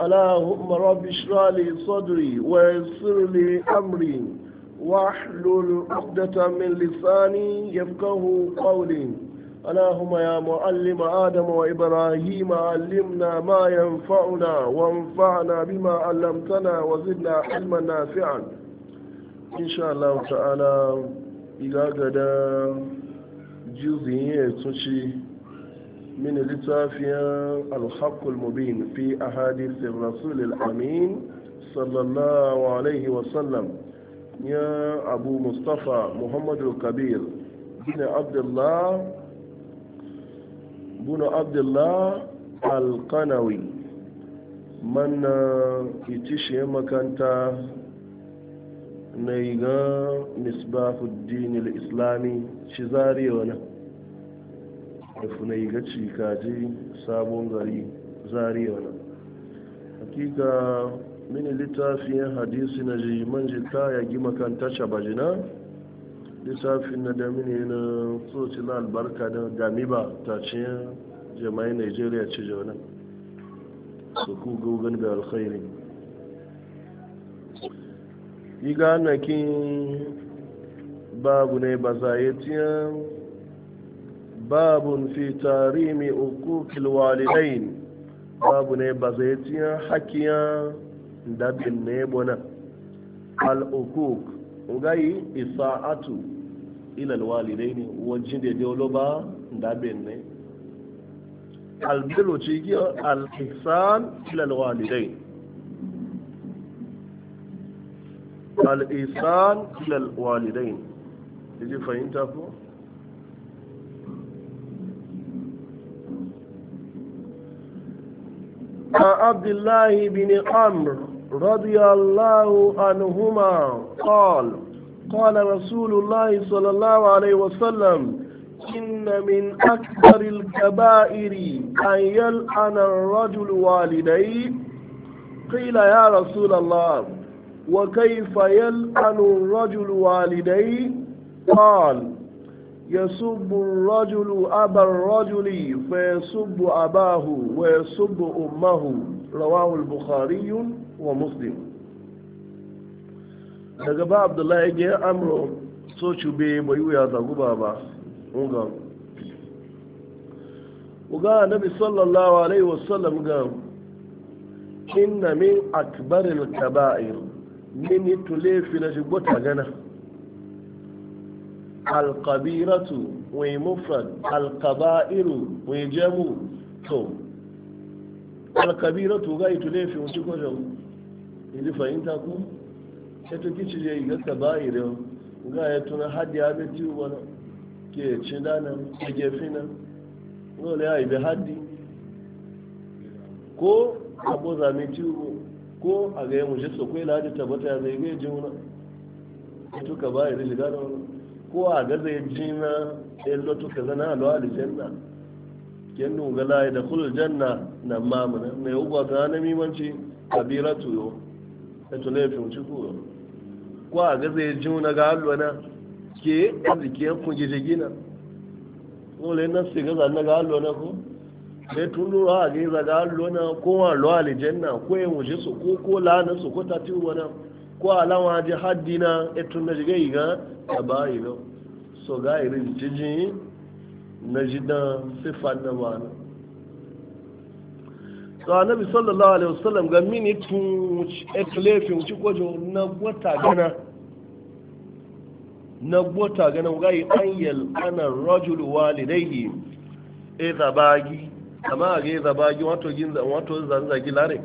اللهم رب اشرح لي صدري ويسر لي امري واحلل عقدة من لساني يفقه قولي اللهم يا معلم آدم وإبراهيم علمنا ما ينفعنا وانفعنا بما علمتنا وزدنا علما نافعا إن شاء الله تعالى إذا قد جزئية تشي من لتافيا الحق المبين في أحاديث الرسول الأمين صلى الله عليه وسلم يا أبو مصطفى محمد الكبير بن عبد الله بن عبد الله القنوي من يتشي مكانتا نيغا مصباح الدين الإسلامي شزاري ونه da funai gaci kaji sabon gari zariya wani hakika mini littafin hadisi na ji manji ta yagi makanta bajina. littafin na da mini na tsoci na albarka na ba ta ce jama'ai nigeria ce jauna su ku gogon da alkhairi ga anakin babu ne ba yi tiyan babun fi tarimi ukukil walidain babu ne ba zai tiya hakiya dabin ne bona al'ukuk ugayi isa'atu ilal walidaini wajen da diolo ba dabin ne albiru cikiyo al'ihsan ilal walidain al'isan ilal walidain Iji fahimta ko? عن عبد الله بن عمرو رضي الله عنهما قال قال رسول الله صلى الله عليه وسلم إن من أكبر الكبائر أن يلعن الرجل والديه قيل يا رسول الله وكيف يلعن الرجل والديه قال يسب الرجل أبا الرجل فيسب أباه ويسب أمه رواه البخاري ومسلم daga ba abdullahi ga ya amro so cube bai wuya zagu ba ba ungan uga nabi sallallahu alaihi wasallam ga inna min akbaril kaba'ir min tule fi na shi gota gana alkabiratu wai mufrad alkaba'iru wai jamu to alkabiratu ga ito fi wuce kwajo ili fahimta ku ya to kici je ga kaba'iru ga ya tuna haddi ya bai tiwo wani ke ci dana ke gefe nan dole ya yi bi haddi ko abu zame tiwo ko a ga yi mu je sokwai ladi tabbata ya zai gai jiwuna ito kaba'iru shiga da wani ko a gaza ya ji na ɗayan lotu ka zana alwa aljanna ken nun ga laye da kulul janna na mamuna mai ugwa ka na mimanci kabira tuyo ya tuna ya fimci kuyo ko a gaza ya ji na ga alwa na ke arzikin kun gije gina wale na su gaza na ga alwa na ko ne tun lura a gaza ga alwa na ko wa alwa aljanna ko ya wuce su ko ko la'anar su ko ta tiwo na ko alawa ji haddi na etu na jiga yi ga ta ba yi no so ga irin jijin na jidan sifan na ba na so annabi sallallahu alaihi wasallam ga mini tun etlefin ci kwajo na gwata gana na gwata gana ga yi an yal ana rajul walidaihi e zabagi amma ga yi zabagi wato ginza wato zanzagi lare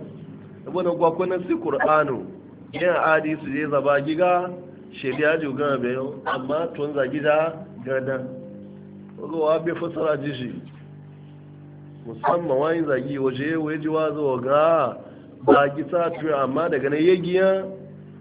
ibn gwakwanan si qur'anu yin adi su je zaba giga shirya ju gana bayan amma tun za gida gada ruwa bai fasara ji shi musamman wani zagi waje waje wa zuwa ga ba gisa tuyo amma daga na yagiyan